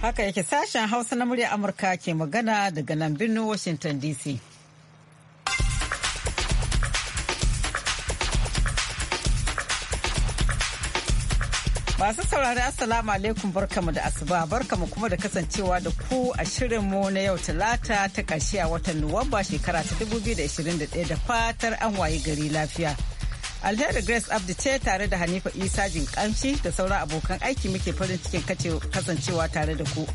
Haka yake sashen Hausa na murya Amurka ke magana daga nan birnin Washington DC. Masu saurari Assalamu alaikum barkamu da asuba barkamu kuma da kasancewa da ku a shirinmu na yau talata ta ƙarshe a watan Nuwamba shekara ta 2021 da fatar an wayi gari lafiya. Alheri Grace Abdi ce tare da Hanifa Isa jin kamshi da sauran abokan aiki muke farin cikin kasancewa tare da ku.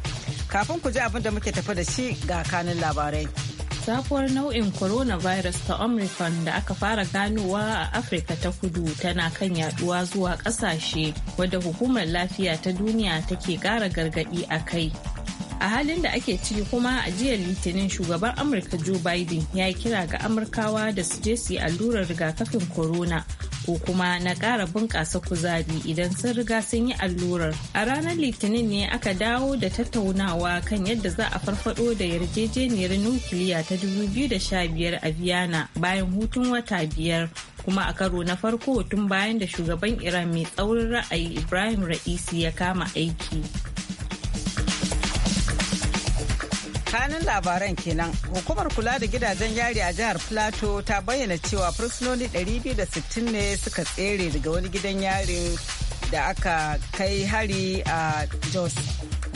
Kafin ku ji abin da muke tafi da shi ga kanin labarai. Sabuwar nau'in coronavirus ta Omicron da aka fara ganowa a Afirka ta kudu tana kan yaduwa zuwa kasashe wadda hukumar lafiya ta duniya take kara gargadi a kai. a halin da ake ciki kuma a jiya litinin shugaban amurka joe biden ya yi kira ga amurkawa da su je su yi allurar rigakafin corona ko kuma na kara bunƙasa kuzari idan sun riga sun yi allurar a ranar litinin ne aka dawo da tattaunawa kan yadda za a farfado da yarjejeniyar nukiliya ta 2015 a Viana bayan hutun wata biyar kuma a karo na farko tun bayan da shugaban iran mai tsaurin ra'ayi ibrahim ra'isi ya kama aiki tsakanin labaran kenan hukumar kula da gidajen yari a jihar plateau ta bayyana cewa fursunoni 260 ne suka tsere daga wani gidan yari da aka kai hari a jos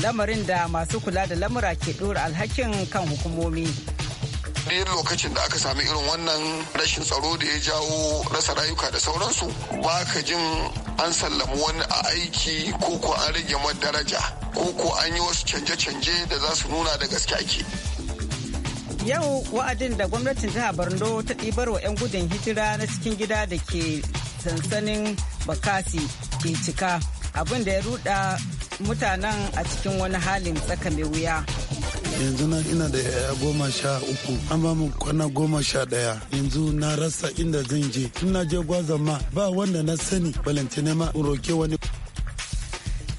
lamarin da masu kula da lamura ke ɗora alhakin kan hukumomi duk lokacin da aka sami irin wannan rashin tsaro da ya jawo rasa rayuka da sauransu ba ka jin an sallami wani a aiki ko ko an rage daraja ko ko an yi wasu canje-canje da za su nuna da gaske ake yau wa'adin da gwamnatin jihar borno ta ɗibar wa 'yan gudun hijira na cikin gida da ke sansanin bakasi ke cika abin da ya ruda mutanen a cikin wani halin tsaka mai wuya yanzu na ina da yaya goma sha uku an ba mu kwana goma sha daya yanzu na rasa inda zan je tun na je gwazan ma ba wanda na sani balance ne ma roke wani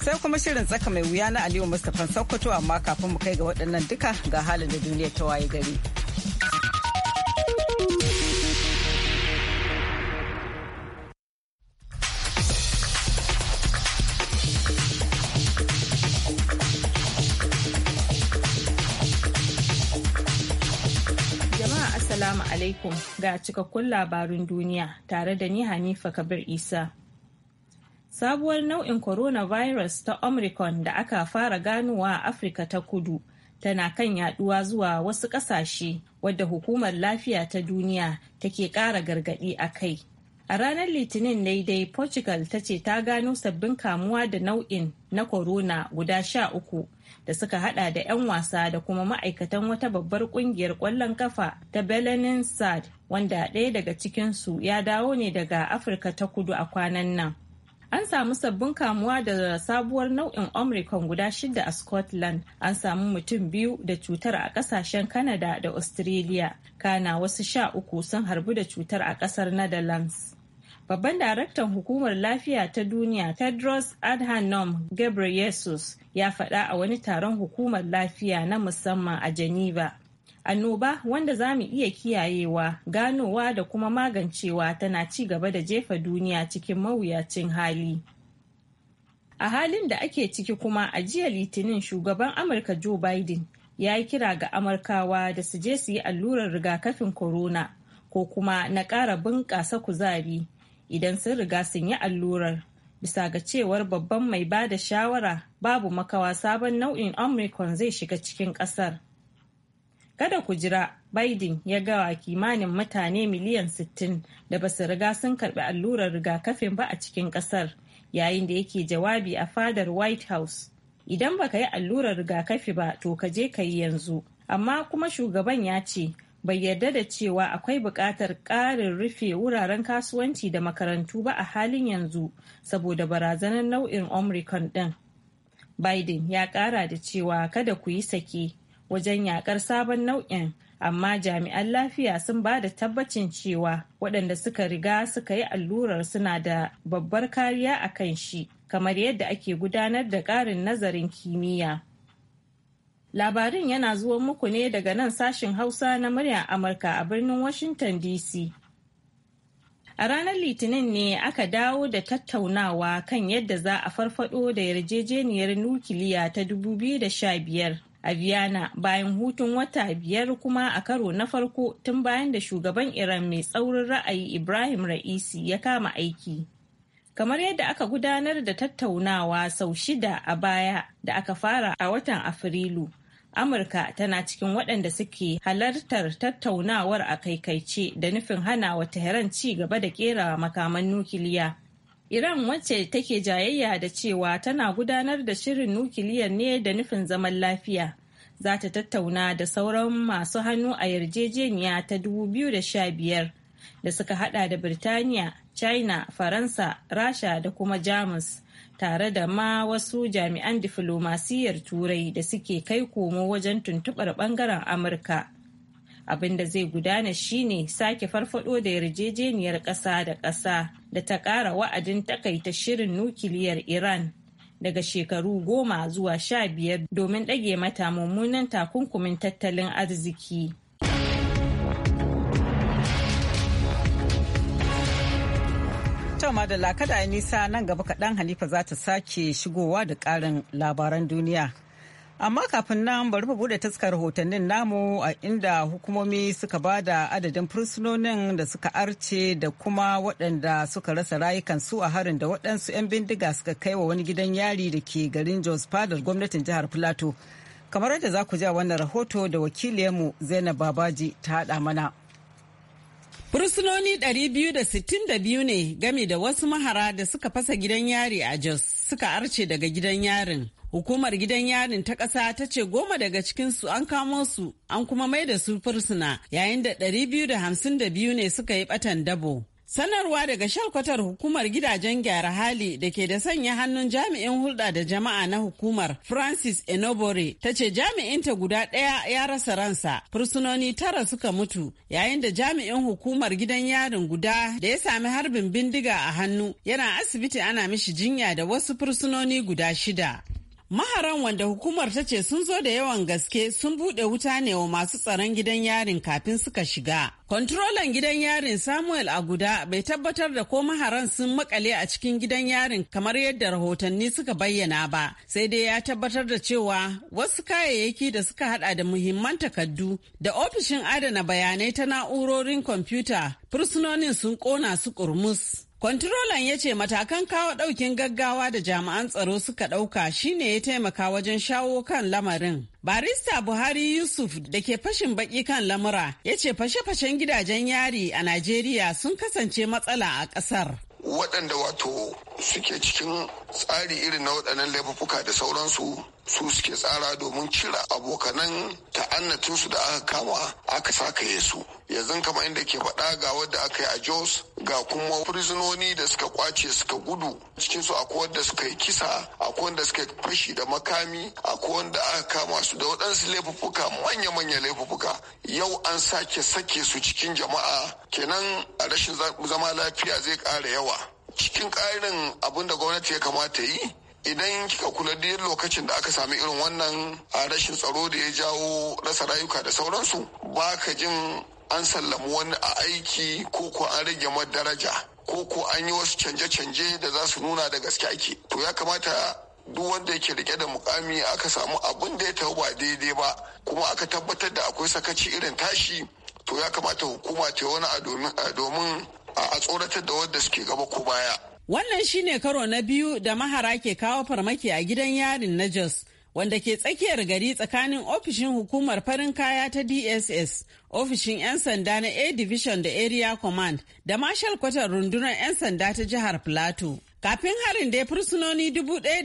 sai kuma shirin tsaka mai wuya na aliyu mustapha sokoto amma kafin mu kai ga waɗannan duka ga halin da duniya ta waye gari. alaikum ga cikakkun labarun duniya tare da ni Hanifa Kabir Isa. Sabuwar nau'in coronavirus ta Omicron da aka fara ganowa a Afirka ta kudu tana kan yaduwa zuwa wasu ƙasashe wadda hukumar lafiya ta duniya take ƙara gargaɗi a kai. A ranar Litinin ne dai Portugal ta ce ta gano sabbin kamuwa da nau'in na corona guda sha uku da suka hada da 'yan wasa da kuma ma'aikatan wata babbar kungiyar kwallon kafa ta Belenin Sad wanda ɗaya daga cikinsu ya dawo ne daga Afirka ta kudu a kwanan nan. An samu sabbin kamuwa da sabuwar nau'in Omicron guda shida a Scotland. An samu mutum biyu da cutar a kasashen Canada da Australia. Kana wasu sha uku sun harbu da cutar a kasar Netherlands. Babban daraktan hukumar lafiya ta duniya Tedros Adhanom Ghebreyesus ya faɗa a wani taron hukumar lafiya na musamman a Geneva. Annoba wanda za mu iya kiyayewa, ganowa da kuma magancewa tana ci gaba da jefa duniya cikin mawuyacin hali. A halin da ake ciki kuma a jiya Litinin shugaban Amurka Joe Biden ya yi kira ga Amurkawa da su je su yi allurar rigakafin corona ko kuma na ƙara bunƙasa kuzari idan sun riga sun yi allurar bisa ga cewar babban mai ba da shawara babu makawa sabon nau'in omicron zai shiga cikin kasar kada ku jira biden ya gawa kimanin mutane miliyan 60 da ba su riga sun karbi allurar rigakafin ba a cikin kasar yayin da yake jawabi a fadar white house idan baka yi allurar rigakafi ba to ka je ka yi yanzu amma kuma shugaban ya ce bai yarda da cewa akwai buƙatar ƙarin rufe wuraren kasuwanci da makarantu ba a halin yanzu saboda barazanar nau'in Omricon ɗin. biden ya ƙara da cewa kada ku yi sake wajen yaƙar sabon nau'in amma jami'an lafiya sun ba da tabbacin cewa waɗanda suka riga suka yi allurar suna da babbar kariya a kan shi kamar yadda ake gudanar da ƙarin nazarin kimiyya. Labarin yana zuwa muku ne daga nan sashin Hausa na murya Amurka a birnin Washington DC. A ranar Litinin ne aka dawo da tattaunawa kan yadda za a farfado da yarjejeniyar nukiliya ta 2015 a Vienna bayan hutun wata biyar kuma a karo na farko tun bayan da shugaban Iran mai tsaurin ra'ayi Ibrahim Ra'isi ya kama aiki. kamar yadda aka gudanar da tattaunawa sau shida a baya da aka fara a watan afrilu amurka tana cikin waɗanda suke halartar tattaunawar a kaikaice da nufin hana wa tehran ci gaba da ƙera makaman nukiliya iran wacce take jayayya da cewa tana gudanar da shirin nukiliyar ne da nufin zaman lafiya za ta tattauna da sauran masu hannu a yarjejeniya ta 2015 da suka hada da birtaniya china faransa rasha da kuma jamus tare da ma wasu jami'an diflomasiyyar turai da suke kai komo wajen tuntubar bangaren amurka abin da zai gudana shine sake farfado da yarjejeniyar ƙasa da ƙasa da ta ƙara wa'adin takaita shirin nukiliyar iran daga shekaru goma zuwa sha biyar domin ɗage mata mummunan takunkumin tattalin arziki To madalla kada a nisa nan gaba kaɗan halifa za ta sake shigowa da ƙarin labaran duniya. Amma kafin nan bari mu bude taskar rahotannin namu a inda hukumomi suka ba da adadin fursunonin da suka arce da kuma waɗanda suka rasa rayukansu a harin da waɗansu 'yan bindiga suka kai wa wani gidan yari da ke garin Jos Fadar gwamnatin jihar Filato. Kamar yadda za ku ja wannan rahoto da wakiliyarmu Zainab Babaji ta haɗa mana. Fursunoni 262 ne game da wasu mahara da suka fasa gidan yari a Jos suka arce daga gidan yarin. Hukumar gidan yarin ta ƙasa ta ce goma daga cikinsu an kamo su an kuma mai da su fursuna yayin da 252 ne suka yi ɓatan dabo. Sanarwa daga shalkwatar hukumar gidajen gyara hali da ke da sanya hannun jami'in hulɗa da jama'a na hukumar Francis Enobore ta ce jami'inta guda ɗaya ya rasa ransa, fursunoni tara suka mutu yayin da jami'in hukumar gidan yarin guda da ya sami harbin bindiga a hannu yana asibiti ana mishi jinya da wasu fursunoni guda shida. Maharan wanda hukumar ta ce sun zo da yawan gaske sun buɗe wuta ne wa masu tsaron gidan yarin kafin suka shiga. Kontrolan gidan yarin Samuel Aguda bai tabbatar da ko maharan sun makale a cikin gidan yarin kamar yadda rahotanni suka bayyana ba, sai dai ya tabbatar da cewa wasu kayayyaki da suka hada da muhimman takardu da ofishin adana bayanai ta na'urorin kwamfuta fursunonin sun kona su kurmus. Kwantirolan ya ce matakan kawo ɗaukin gaggawa da jami'an tsaro suka ɗauka shine ya taimaka wajen shawo kan lamarin. Barista Buhari Yusuf da ke fashin baki kan lamura ya ce fashe-fashen gidajen yari a Najeriya sun kasance matsala a ƙasar. Waɗanda wato suke cikin tsari irin na waɗannan laifuka da sauransu su suke tsara domin cira abokanan ta'annatinsu da aka kama aka saka su yanzu kama inda ke faɗa ga wadda aka yi a jos ga kuma fursunoni da suka kwace suka gudu cikin su akwai wanda suka yi kisa akwai wanda suka yi fashi da makami akwai wanda aka kama su da waɗansu laifuffuka manya-manya laifuffuka yau an sake sake su cikin jama'a kenan a rashin zama lafiya zai ƙara yawa cikin ƙarin abin da gwamnati ya kamata yi idan kika kula duk lokacin da aka sami irin wannan a rashin tsaro da ya jawo rasa rayuka da sauransu ba ka jin an sallamu wani a aiki ko ko an rage daraja ko ko an yi wasu canje-canje da za su nuna da gaske ake to ya kamata duk wanda yake rike da mukami aka samu abin da ya tafi ba daidai ba kuma aka tabbatar da akwai sakaci irin tashi to ya kamata hukuma ta wani a domin a tsoratar da wanda suke gaba ko baya Wannan shine karo na biyu da mahara ke kawo farmaki a gidan yarin na Jos. Wanda ke tsakiyar gari tsakanin ofishin hukumar farin kaya ta DSS, ofishin 'yan sanda na A Division da Area Command, da Marshal kwatar rundunar 'yan sanda ta jihar Plateau. Kafin harin dai fursunoni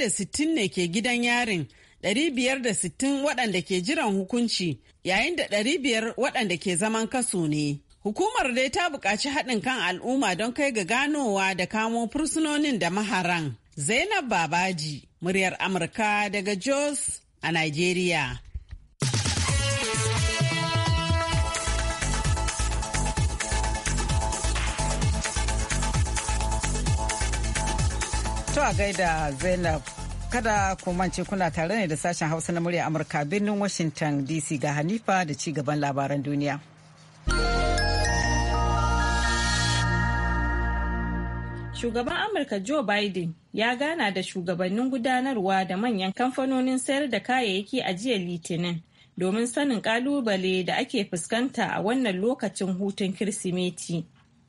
sittin ne ke gidan yarin, biyar da sittin waɗanda ke jiran hukunci yayin da biyar waɗanda ke zaman kaso ne. Hukumar dai ta buƙaci haɗin kan al'umma don kai ga ganowa da kamo fursunonin da maharan. Zainab Babaji, muryar Amurka daga Jos a Nigeria. To a gaida Zainab. Kada ku mance kuna tare ne da sashen Hausa na murya Amurka birnin Washington DC ga Hanifa da ci gaban labaran duniya. Shugaban Amurka Joe Biden ya gana da shugabannin gudanarwa da manyan kamfanonin sayar da kayayyaki a jiya Litinin domin sanin kalubale da ake fuskanta a wannan lokacin hutun Kirsimeti.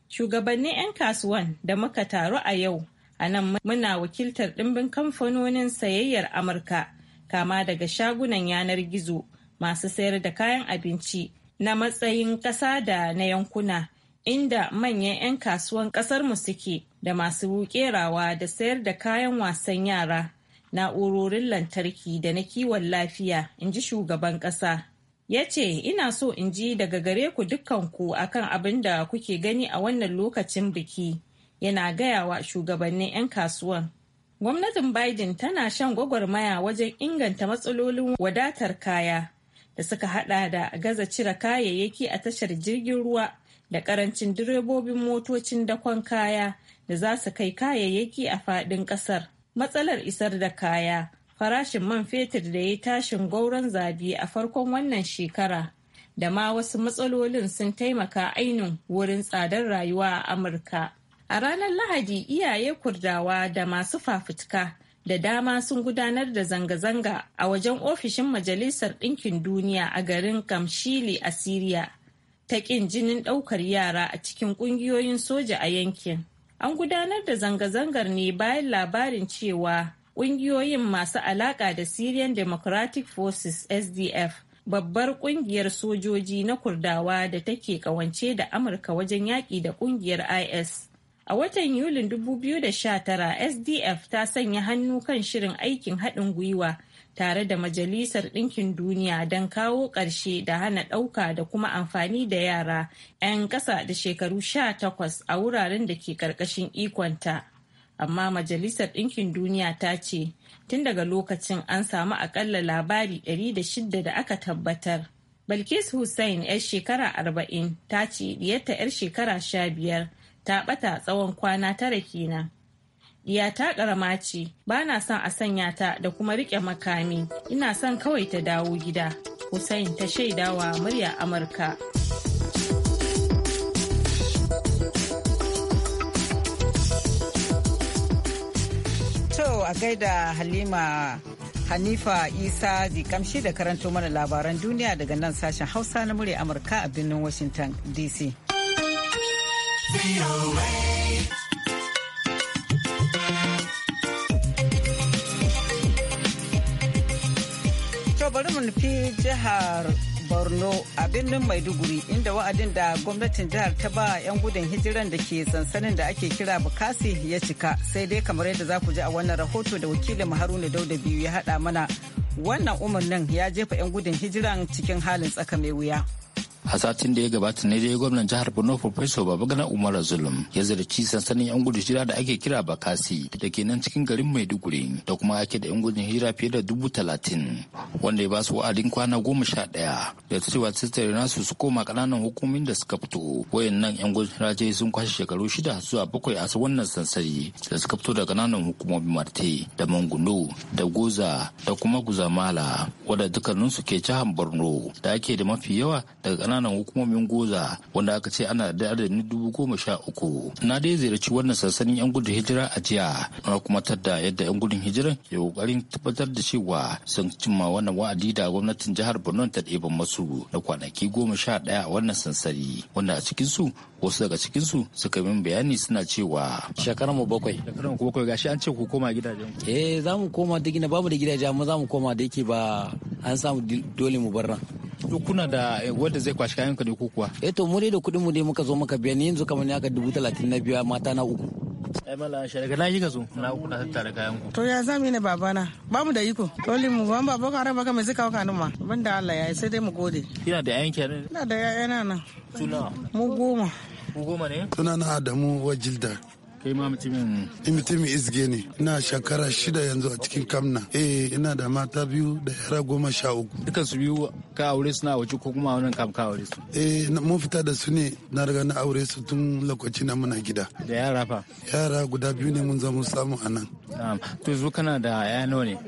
Shugabannin 'yan kasuwan da muka taru a yau a nan muna wakiltar ɗimbin kamfanonin sayayyar Amurka kama daga shagunan yanar gizo masu sayar da kayan abinci na matsayin ƙasa da na yankuna. inda manyan 'yan kasuwan ƙasarmu suke da masu kerawa da sayar da kayan wasan yara na'urorin lantarki da na kiwon lafiya in ji shugaban ƙasa ya ce ina so in ji daga gare ku dukkanku kan abin da kuke gani a wannan lokacin biki yana gaya wa shugabannin 'yan kasuwan gwamnatin biden tana shan gwagwarmaya wajen inganta matsalolin wadatar kaya da suka hada da gaza cire kayayyaki a tashar jirgin ruwa da karancin direbobin motocin dakon kaya da za su kai kayayyaki a faɗin ƙasar matsalar isar da kaya farashin man fetur da ya tashin gauron zabi a farkon wannan shekara da ma wasu matsalolin sun taimaka ainin wurin tsadar rayuwa a amurka a ranar lahadi iyaye kurdawa da masu fafutuka da dama sun gudanar da zanga-zanga a wajen ofishin majalisar ɗinkin duniya a garin kamshili a siriya ta ƙin jinin ɗaukar yara a cikin ƙungiyoyin soja a yankin. An gudanar da zanga-zangar ne bayan labarin cewa ƙungiyoyin masu alaƙa da Syrian Democratic Forces SDF babbar ƙungiyar sojoji na Kurdawa da take ƙawance da Amurka wajen yaƙi da ƙungiyar IS. A watan Yulin 2019 SDF ta sanya hannu kan shirin aikin haɗin gwiwa tare da Majalisar Ɗinkin Duniya don kawo ƙarshe da hana ɗauka da kuma amfani da yara 'yan ƙasa da shekaru sha takwas a wuraren da ke ƙarƙashin ikonta. Amma Majalisar Ɗinkin Duniya ta ce, tun daga lokacin an samu aƙalla labari 106 da aka tabbatar. Balkis Hussein 'yar shekara 40 ta ce diyarta 'yar shekara 15 ta ɓata tsawon kwana tara kenan. ta karama ce ba na son a sanya ta da kuma rike makami ina son kawai ta dawo gida hussain ta shaidawa murya amurka to a gaida halima Hanifa Isa kamshi da karanto mana labaran duniya daga nan sashen Hausa na murya Amurka a birnin Washington DC. nufi jihar borno a birnin maiduguri inda wa'adin da gwamnatin jihar ta ba 'yan gudun hijiran da ke sansanin da ake kira bukasi ya cika sai dai kamar yadda za ku ji a wannan rahoto da wakilin haruna dauda biyu ya haɗa mana wannan umarnin ya jefa 'yan gudun hijiran cikin halin tsaka mai wuya. a satin da ya gabata ne dai gwamnan jihar borno professor babagana umar zulum ya zarci sansanin yan gudun hijira da ake kira bakasi da ke nan cikin garin maiduguri da kuma ake da yan gudun hira fiye da dubu talatin wanda ya ba su wa'adin kwana goma sha ɗaya da cewa tattare nasu su koma ƙananan hukumomin da suka fito wayan nan yan gudun hijira sun kwashe shekaru shida zuwa bakwai a wannan sansani da suka fito da ƙananan hukumomin marte da manguno da goza da kuma guzamala wadda dukkaninsu ke jihar borno da ake da mafi yawa daga ƙananan hukumomin goza wanda aka ce ana da adadin dubu goma sha uku na dai ziyarci wannan sansanin yan gudun hijira a jiya na kuma tadda yadda yan gudun hijira ke kokarin tabbatar da cewa sun cimma wannan wa'adi da gwamnatin jihar borno ta ɗeban masu na kwanaki goma sha ɗaya a wannan sansani wanda a cikinsu wasu daga cikinsu suka min bayani suna cewa shekaranmu mu bakwai shekaranmu mu bakwai gashi an ce ku koma gidajen eh za mu koma da gina babu da gidaje amma za mu koma da yake ba an samu dole mu bar nan to kuna da eh, wanda zai kwashi kayan ka ne ko kuwa eh to mu da kudin mu dai muka zo muka biya ni yanzu kamar ni aka dubu talatin na biya mata na uku ai eh, mala shirga na kika zo na uku na tattara kayan ku to ya zami ne babana ba mu da iko dole mu ban baba ka raba ka mai zika ka ma ban da Allah yayi sai dai mu gode kina da yayan kenan ina da yayana nan mu goma mu goma ne na Adamu Wajilda kai ma mutumin mutumin izge ne ina shekara shida yanzu a cikin kamna eh ina da mata biyu da yara goma sha uku dukan su biyu ka aure suna waje ko kuma wannan kam ka aure su eh mun fita da su ne na riga na aure su tun lokacin na muna gida da yara fa yara guda biyu ne mun zama samu a nan to zo kana da yaya nawa ne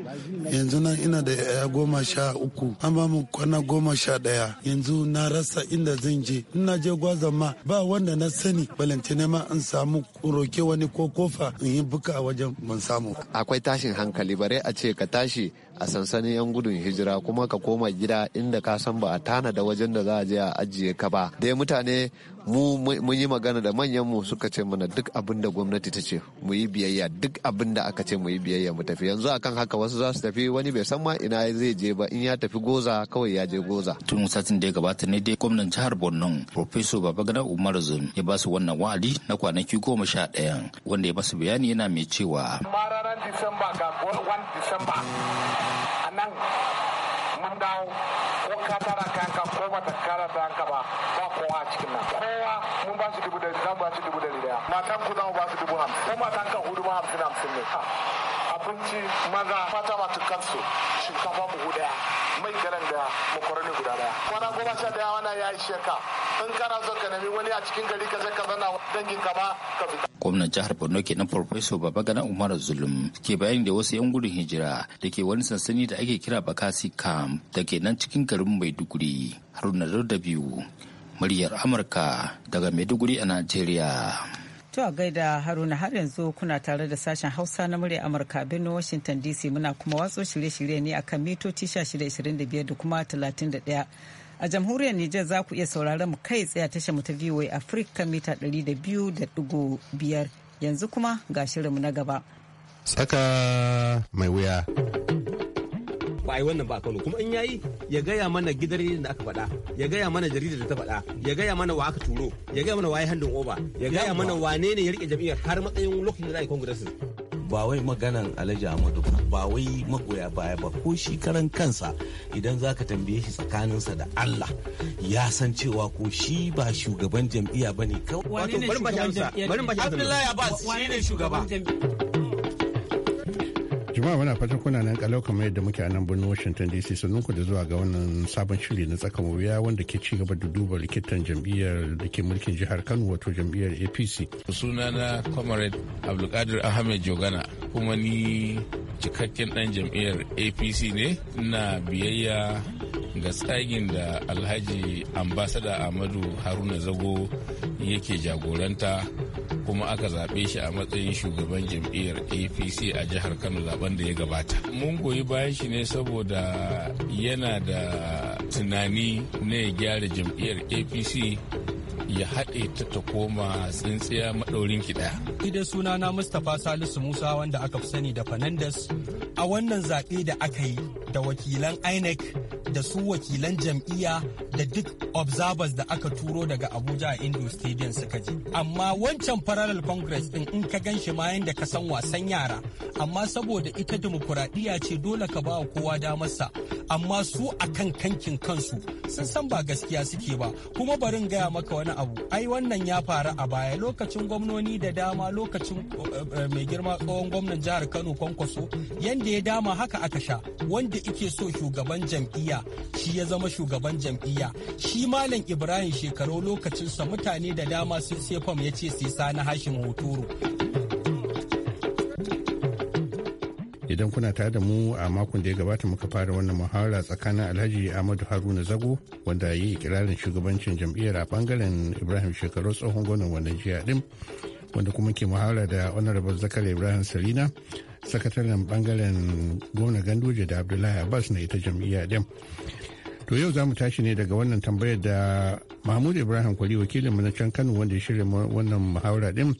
yanzu nan ina da yaya goma sha uku an ba mu kwana goma sha daya yanzu na rasa inda zan je ina je gwazon ma ba wanda na sani balantane ma an samu roke wani ko kofa in yi buka wajen mun samu akwai tashin hankali bare a ce ka tashi a sansanin 'yan gudun hijira kuma ka koma gida inda ka san ba a tana da wajen da za a je a ajiye ka ba dai mutane mu mun yi magana da manyan mu suka ce mana duk abin da gwamnati ta ce mu yi biyayya duk abin da aka ce mu yi biyayya mu tafi yanzu akan haka wasu za su tafi wani bai san ma ina zai je ba in ya tafi goza kawai ya je goza tun satin da ya gabata ne dai gwamnan jihar borno professor babagana umar Zun ya ba su wannan wa'adi na kwanaki goma sha ɗaya wanda ya ba su bayani yana mai cewa ranar disamba ga 1 disamba a nan mun dawo ko ka tara kanka ko bata kara ka ba ba kowa a cikin nan kowa mun ba shi dubu da za mu ba shi dubu da daya matan ku za mu ba su dubu hamsin ko matan ka hudu ma hamsin hamsin ne abinci maza fata matu kansu shinkafa buhu daya mai galan da makwarni guda daya kwana goma sha daya wana ya yi sheka in kana so ka nemi wani a cikin gari ka ka zana dangin ka ma ka fita. gwamnan jihar borno kenan farfeso babagana umar zulum ke bayani da wasu yan gudun hijira da ke wani sansani da ake kira bakasi camp da ke nan cikin garin maiduguri haruna biyu muryar amurka daga maiduguri a nigeria. To a gaida Haruna har yanzu kuna tare da sashen Hausa na murya Amurka birnin Washington DC muna kuma watso shirye-shirye ne akan mitoci 1625 da kuma 31. A jamhuriyar Nijar za ku iya sauraron mu kai tsaye tashar mu ta VOA Africa mita 200.5 yanzu kuma ga shirinmu na gaba. Tsaka mai wuya. ba a yi wannan ba a Kano kuma in yayi ya gaya mana gidan rediyon da aka faɗa ya gaya mana jaridar da ta faɗa ya gaya mana wa aka turo ya gaya mana wa yi handin oba ya gaya mana wane ne ya rike jam'iyyar har matsayin lokacin da za a yi kongres ba wai maganan alhaji ahmadu ba ba wai magoya baya ba ko shi karan kansa idan za ka tambaye shi tsakaninsa da allah ya san cewa ko shi ba shugaban jam'iyya ba ne kawai wato bari ba shi amsa bari ba shi amsa abdullahi abbas shi ne shugaba juma'a muna fatan kuna nan kalau kamar da muke a nan birnin Washington DC sannan ku da zuwa ga wannan sabon shiri na tsaka wuya wanda ke ci gaba da duba likitan jam'iyyar da ke mulkin jihar Kano wato jam'iyyar APC. Sunana Comrade Abdulkadir Ahmed Jogana kuma ni cikakken dan jam'iyyar APC ne ina biyayya ga tsagin da alhaji ambasada amadu haruna zago yake jagoranta kuma aka zaɓe shi a matsayin shugaban jam'iyyar apc a jihar kano zaben da ya gabata mun goyi bayan shi ne saboda yana da tunani na ya gyara jam'iyyar apc ya haɗe ta ta koma tsintsiya maɗaurin ki ɗaya. Idan suna na Mustapha Salisu Musa wanda aka fi sani da Fernandes a wannan zaɓe da aka yi da wakilan INEC da su wakilan jam'iyya da duk observers da aka turo daga Abuja a Indo Stadium suka je. Amma wancan parallel congress din in ka gan shi ma da ka san wasan yara amma saboda ita dimokuraɗiyya ce dole ka ba kowa damarsa. amma su a kan kankin kansu sun san ba gaskiya suke ba kuma barin gaya maka wani abu ai wannan ya faru a baya lokacin gwamnoni da dama lokacin eh, eh, mai girma tsohon gwamnan jihar kano kwankwaso yadda ya dama haka aka sha wanda ike so shugaban jam'iyya shi ya zama shugaban jam'iyya shi malam ibrahim shekaru lokacinsa mutane da dama sun sai fam ya ce sai sani hashin hotoro idan kuna tare da mu a makon da ya gabata muka fara wannan muhawara tsakanin alhaji ahmadu haruna zago wanda ya yi ikirarin shugabancin jam'iyyar a bangaren ibrahim shekaru tsohon gwamnan wannan jiya din wanda kuma ke muhawara da honorable zakar ibrahim salina sakataren bangaren gwamna ganduje da abdullahi abbas na ita jam'iyya din to yau za mu tashi ne daga wannan tambayar da mahmud ibrahim kwali wakilinmu na can kano wanda ya shirya wannan muhawara din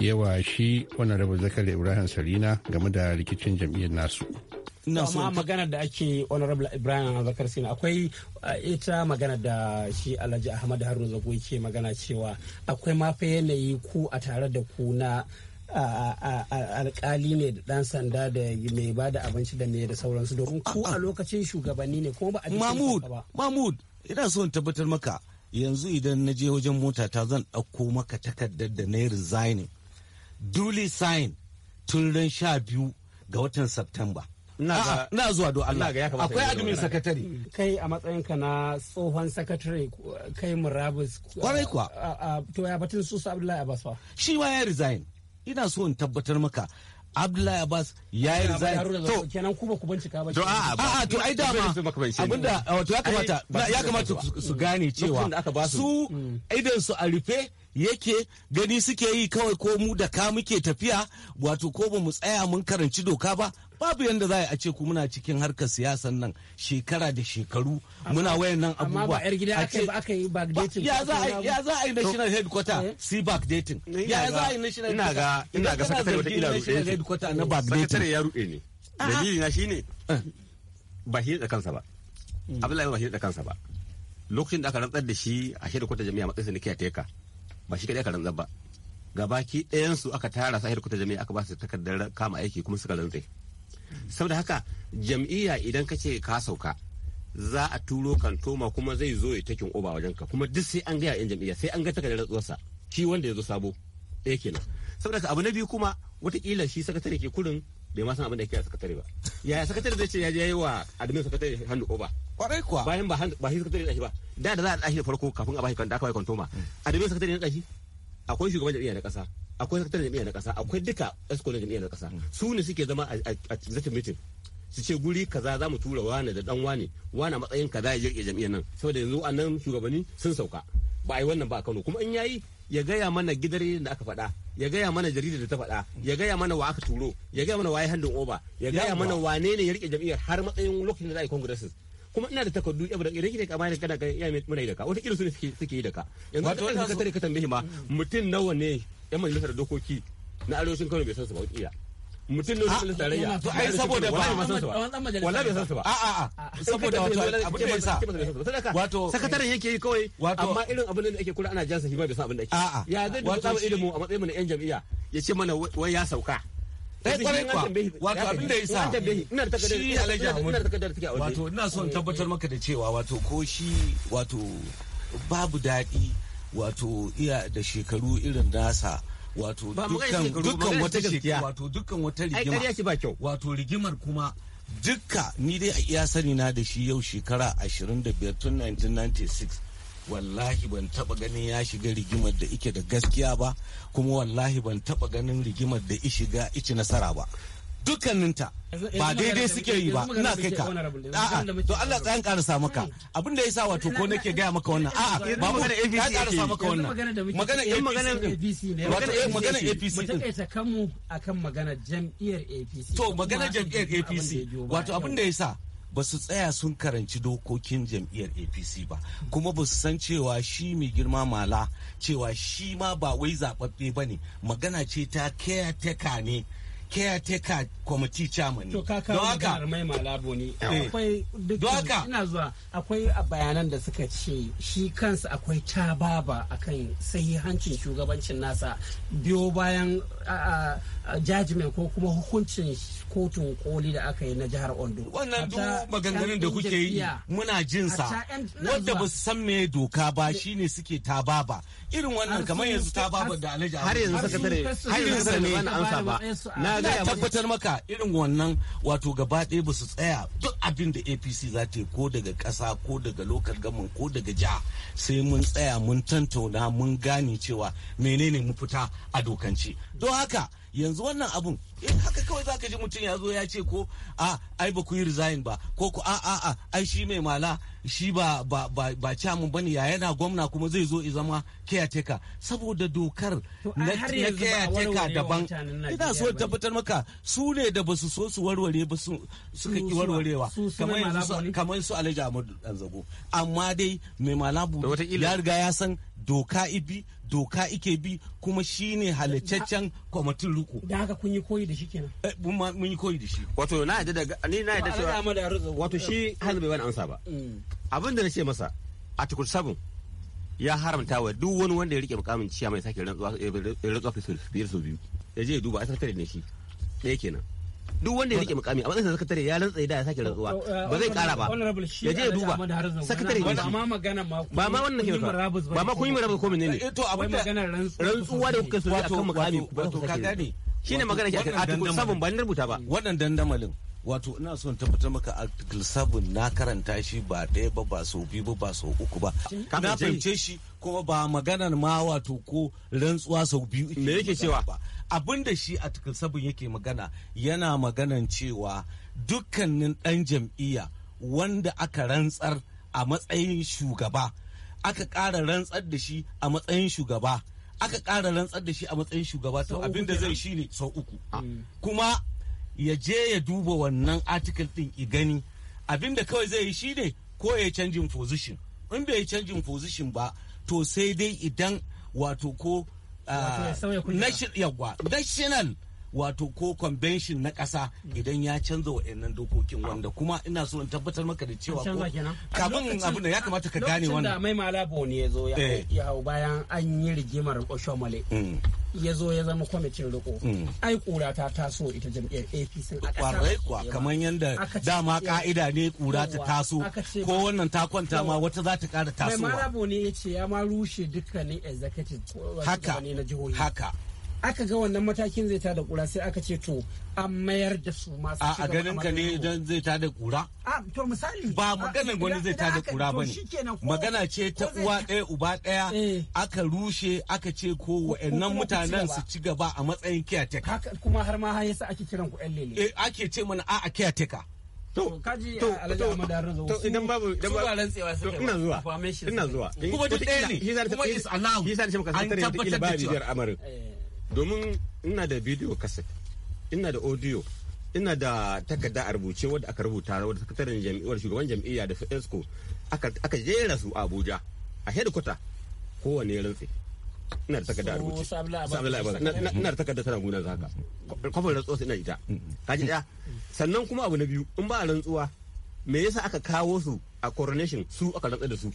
yawa shi wani rabu zakari ibrahim salina game da rikicin jam'iyyar nasu na magana da ake honorable ibrahim zakar sina akwai eh, ita magana da shi alhaji ahmad harun zago ke magana cewa akwai mafa yanayi ku a tare da ku na alkali ne da dan sanda da mai ba da abinci da mai da sauransu domin ku a lokacin shugabanni ne kuma ba a mahmud mahmud so tabbatar maka yanzu idan na je wajen mota ta zan ɗauko maka takardar da na yi resigning duly sign tun ran sha biyu ga watan September. Na zuwa do Allah. Akwai admin sakatare. Kai a matsayin ka na tsohon sakatare kai murabus. Kwarai kuwa. To ya batun su Abdullahi Abbas ba. Shi ma ya resign. Ina so in tabbatar maka Abdullahi Abbas ya yi resign. To kenan kuma ku bincika ba. To a a to ai dama abinda to ya kamata ya kamata su gane cewa su idan su mm. a rufe yake gani suke yi kawai ko mu da ka muke tafiya wato ko ba mu tsaya mun karanci doka ba babu yadda za a yi ce ku muna cikin harkar siyasan nan shekara da shekaru muna wayan nan abubuwa a ce ba aka yi backdating ya za a ya za a yi national headquarter eh? si backdating ya za a yi national ina ga ina ga sakatare wata ila rude na backdating sakatare ya ruɗe ne dalili na shine eh. ba shi da kansa ba hmm. Abdullahi ba shi da kansa ba lokacin da aka rantsar da shi a shirya kwata jami'a matsayin da ke teka ba shi kadai aka rantsar ba gabaki ɗayan su aka tara sa a hirkuta jami'a aka ba su takardar kama aiki kuma suka rantse saboda haka jam'iyya idan ka ce ka sauka za a turo kantoma kuma zai zo ya takin oba wajen ka kuma duk sai an ga yan jam'iyya sai an ga takardar rantsuwarsa shi wanda ya zo sabo ɗaya kenan saboda haka abu na biyu kuma watakila shi sakatare ke kurin bai ma san abin da yake a sakatare ba yaya sakatare zai ce ya je yi wa admin sakatare hannu oba kwarai kuwa bayan ba ba shi sakatare da shi ba da da za a dashi da farko kafin a bashi da aka bashi kwantoma a da sakatare na dashi akwai shugaban jami'a na kasa akwai sakatare jami'a na kasa akwai duka eskola jami'a na kasa su ne suke zama a zata mitin. su ce guri kaza za mu tura wane da dan wane wane matsayin kaza ya jirge jami'an nan saboda yanzu a nan shugabanni sun sauka ba a yi wannan ba a Kano kuma in yayi ya gaya mana gidare da aka faɗa ya gaya mana jaridar da ta faɗa ya gaya mana wa aka turo ya gaya mana ya handin oba ya gaya mana wane ne ya rike jami'ar har matsayin lokacin da za a yi congresses kuma ina da takardu ya da idan kike kama ne kana ga iya muna da ka wata irin su suke suke yi da ka yanzu wata ka tare ka tambaye ma mutum nawa ne yan majalisar dokoki na arewacin Kano bai san su ba kila mutum ne wasu ah, tarayya to ai saboda ba san su ba wallahi bai san su ba a a a ah, saboda wato abin da yasa wato sakataren yake yi kawai amma irin abin da ake kula ana jansa shi ba bai san abin da ake ya zai duka ilimi a matsayin mu na yan jami'a ya ce mana wai ya sauka Dai eh, kwarai kuwa wato abin da ya sa shi Alhaji Ahmad wato ina son eh. tabbatar maka da cewa wato ko shi wato babu daɗi wato iya da shekaru irin nasa wato dukkan dukkan wata shekara wato dukkan wata rigima wato rigimar kuma dukka ni dai a iya sani na da shi yau shekara 25 tun 1996 wallahi ban taba ganin ya shiga rigimar da ike da gaskiya ba kuma wallahi ban taba ganin rigimar da ishiga ici nasara ba dukkaninta ba daidai suke yi ba ina kai ka a'a to Allah tsayan karasa maka abin da yasa wato ko nake gaya maka wannan a'a ba magana APC ka karasa maka wannan magana APC ne wato eh, eh, magana APC mu takaita kanmu akan magana jam'iyyar APC to magana jam'iyyar APC wato abin da yasa ba su tsaya sun karanci dokokin jam'iyyar apc ba kuma ba su san cewa shi mai girma mala cewa shi ma ba wai zaɓaɓɓe ba ne magana ce ta caretaker ne caretaker committee chairman ne. To mai ne. Eh. Akwai duka ina zuwa akwai bayanan da suka ce shi kansa akwai ta cababa akan hancin shugabancin nasa biyo bayan judgment ko kuma hukuncin kotun koli da aka yi na jihar ondo wannan duk maganganun da kuke yi muna jinsa wadda ba su san me doka ba shine suke ta ba irin wannan kamar yanzu ta ba da alhaji har yanzu sakatare har yanzu ne an ansa ba na ga tabbatar maka irin wannan wato gaba ɗaya ba su tsaya duk abin da APC za ta yi ko daga ƙasa ko daga lokal gamin ko daga jiha sai mun tsaya mun tantauna mun gane cewa menene mu fita a dokance don haka yanzu wannan abun in eh, haka kawai zaka ji mutum ya zo ya ce ko a ai ba ku yi resign ba ko ku a a ai shi mai mala shi ba ba ba ba bane ya yana gwamna kuma zai zo i zama caretaker saboda dokar na caretaker daban ina so tabbatar maka su ne da basu so su warware ba su suka ki warwarewa kamar su su Alhaji Ahmadu Danzago amma dai mai mala ya riga ya san doka ibi doka ike bi kuma shi ne halittaccen kwamitin da haka kun yi koyi da shi kenan eh, mun yi koyi da shi wato na yadda da ni na yadda cewa wato shi hal bai wani amsa ba mm. abin da na ce masa article 7 ya haramta wa duk wani wanda ya rike mukamin ciya mai sake rantsuwa eh, fiye da su biyu ya je duba a sakatare ne shi ne kenan duk wanda ya rike mukami a matsayin sakatare ya rantsa da ya sake rantsuwa oh, oh, oh, ba zai kara ba ya je ya duba sakatare ne ba ma wannan ke ba ma kun yi marabus ko menene eh, to abin da rantsuwa da kuka so akan mukami ba to ka gane shine magana ke article 7 ba ni rubuta ba wannan dandamalin wato ina son tabbatar maka article 7 na karanta shi ba ɗaya ba ba sau biyu ba ba sau uku ba na fahimce shi kuma ba magana ma wato ko rantsuwa sau biyu me yake cewa ba abin da shi article sabon yake magana yana maganan cewa dukkanin ɗan jam'iyya wanda aka rantsar a matsayin shugaba aka ƙara rantsar da shi a matsayin shugaba aka ƙara rantsar da shi a matsayin shugaba to abin da zai shine sau uku ah. mm. kuma ya je ya duba wannan article ɗin i gani abin da kawai zai yi ne ko ya canjin position in bai canjin position ba to sai dai idan wato ko national wato ko convention na ƙasa idan ya canza wa'annan dokokin wanda kuma ina so in tabbatar maka da cewa ko kafin abin da ya kamata ka gane wannan lokacin da mai malabo ne ya zo ya eh. hau bayan an yi rigimar oshomale mm. ya zo ya zama kwamitin riko mm. ai kura ta taso ita jam'iyyar apc a ƙasar kamar yadda dama ka'ida eh, ne kura ta taso ko wannan ta kwanta ma wata za ta ƙara tasowa mai marabu ne ya ce ya ma rushe dukkanin executive haka haka aka ga wannan matakin zai tada kura sai aka ce to an mayar da su masu a ganin ka ne don zai tada kura a to misali ba magana wani zai tada kura ba ne magana ce ta uwa ɗaya uba ɗaya eh. aka rushe aka ce ko wa'annan mutanen su ci gaba a matsayin kiyateka kuma har ma har yasa ake kiran ku ƴan lele eh, ake ce mana a'a kiyateka to kaji alhaji Ahmad Arzo to idan babu idan babu rantsewa sai ina zuwa ina zuwa kuma duk ɗaya ne kuma is allowed yasa ne shi san tare da kila biyar amarin domin ina da bidiyo kaset ina da audio ina da takarda a rubuce wadda aka rubuta wadda sakataren jam'iyyar shugaban jam'iyya da fesco aka jera su a abuja a headquarter kowane rantsi ina da takarda a rubuce ina da takarda tana gudanar haka kwafin rantsuwa ina ita kaji daya sannan kuma abu na biyu in ba a rantsuwa me yasa aka kawo su a coronation su aka rantsa da su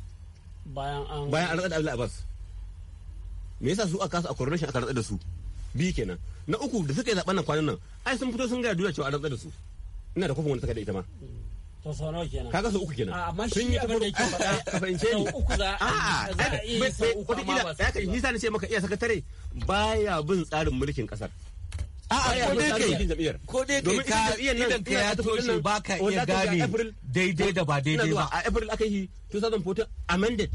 bayan an rantsa da abdullahi abbas me yasa su aka kasu a coronation aka rantsa da su bi kenan na uku da suka yi zaben nan kwanan nan ai sun fito sun gaya duniya cewa an rantsar da su ina da kofin wani takarda ita ma to sau nawa kenan kaga sau uku kenan amma shi ne abin da yake faɗa ka fahimce ni uku za a iya sau uku amma ba sai ka nisa ni ce maka iya sakatare baya bin tsarin mulkin kasar a'a ko dai kai ko dai kai ka idan ka ya toshe ba ka iya gane daidai da ba daidai ba a april aka yi 2014 amended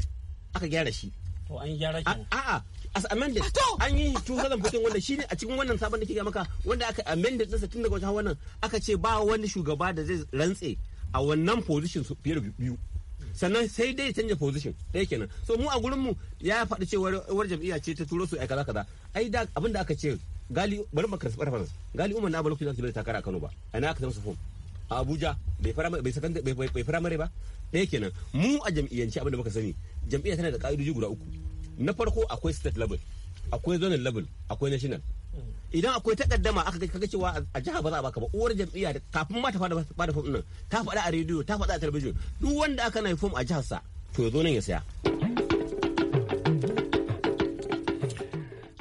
aka gyara shi to an gyara ki a'a as amended an yi 2014 wanda shine a cikin wannan sabon da kike maka wanda aka amended din tun daga wata wannan aka ce ba wani shugaba da zai rantse a wannan position fiye da biyu sannan sai dai canja position ɗaya kenan so mu a gurin mu ya faɗi cewa war jam'iyya ce ta turo su ai kaza kaza ai da abin da aka ce gali bari maka reference gali umar na bari ku za su bi takara a Kano ba ana aka su form a abuja bai firamare ba ɗaya kenan mu a jam'iyyance abin da muka sani jam'iyya tana da ƙa'idoji guda uku na farko akwai state level akwai zone level akwai national idan akwai takaddama aka kaga cewa a jiha ba za a baka ba uwar jam'iyya kafin ma ta fada fada fom din ta faɗa a rediyo ta faɗa a talabijin duk wanda aka na fom a jihar sa to ya zo nan ya saya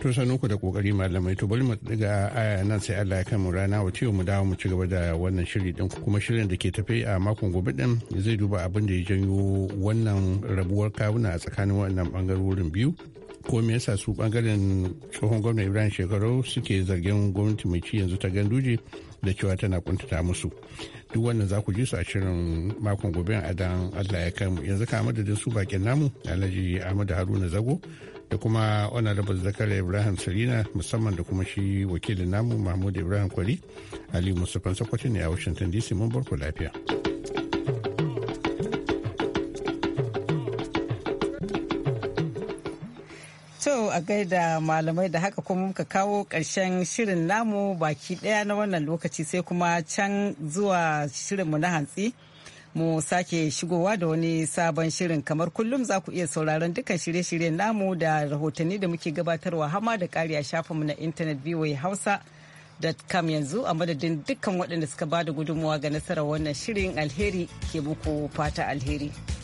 tun uku ku da kokari malamai to bari mu daga aya nan sai Allah ya kai mu rana wa mu dawo mu ci gaba da wannan shiri din kuma shirin da ke tafe a makon gobe din zai duba abin da ya janyo wannan rabuwar kawuna a tsakanin wannan bangarorin biyu ko me yasa su bangaren tsohon gwamna Ibrahim Shekarau suke zargin gwamnati mai ci yanzu ta ganduje da cewa tana kuntata musu duk wannan za ku ji su a shirin makon gobe a dan Allah ya kai mu yanzu ka madadin su bakin namu Alhaji Ahmadu Haruna Zago da kuma honorable zakari ibrahim salina musamman da kuma shi wakilin namu mahmud ibrahim kwari ali musufan sokoto ne a washington dc mun barku lafiya To a gaida malamai da haka kuma muka kawo ƙarshen shirin namu baki ɗaya na wannan lokaci sai kuma can zuwa shirin mu na hantsi. mu sake shigowa da wani sabon shirin kamar kullum za ku iya sauraron dukkan shirye-shiryen namu da rahotanni da muke gabatarwa hama da kari a shafinmu na intanet voa hausa com yanzu a madadin dukkan waɗanda suka ba da gudunmawa ga nasarar wannan shirin alheri ke muku fata alheri.